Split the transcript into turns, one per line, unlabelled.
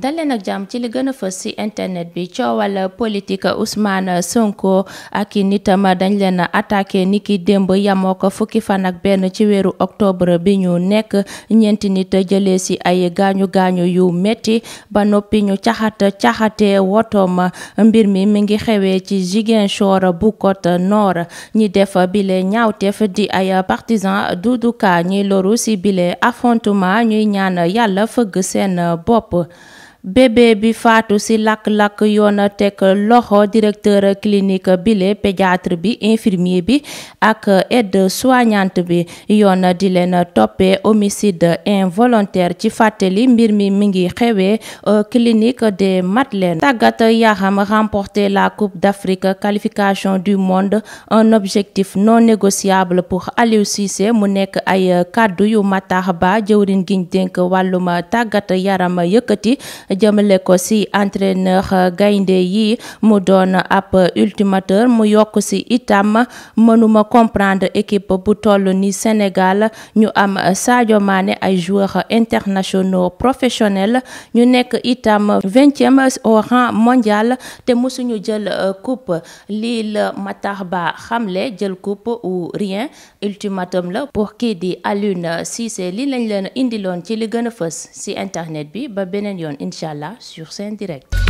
daleen ak jàmm ci li gën a fës si internet bi coowal politique Ousmane Sonko ak i nitam dañ leen attaqué ni ki démb yamoo ko fukki fan ak benn ci weeru octobre bi ñu nekk ñeenti nit jële ci ay gaañu gaañu yu metti ba noppi ñu caxat caxatee wotoom mbir mi mi ngi xewee ci Ziguinchor bu Côte noor ñi def bile ñaawteef di ay partisan Doudou Ka ñi loru ci bile affrontement ñuy ñaan yàlla fëgg seen bopp bébé bi faatu si lakk-lakk yoon teg directeur clinique bile pédiatre bi infirmier bi ak aide soignante bi yon Dilen leen homicide involontaire ci mirmi mingi mi euh, clinique de Madeleines Tagata yaram remporté la coupe d'Afrique qualification du monde un objectif non négociable pour Aliou Cissé mu nekk ay kàddu yu Matar Ba jëwriñ giñ yaram yëkkati jëmale ko ci entraîneur euh, gaynde yi mu doon ab ultimateur mu yokk ci itam mënuma comprendre équipe bu toll ni Sénégal ñu am Sadio Mané ay joueurs internationaux professionnels ñu nekk itam e au rang mondial te mësuñu jël euh, coupe Lil matarba Matar Ba jël coupe ou rien ultimatum la pour kii di si c'est li lañ leen indiloon ci li gën a fës ci internet bi ba beneen yoon Inch'Allah, sur Saint Direct.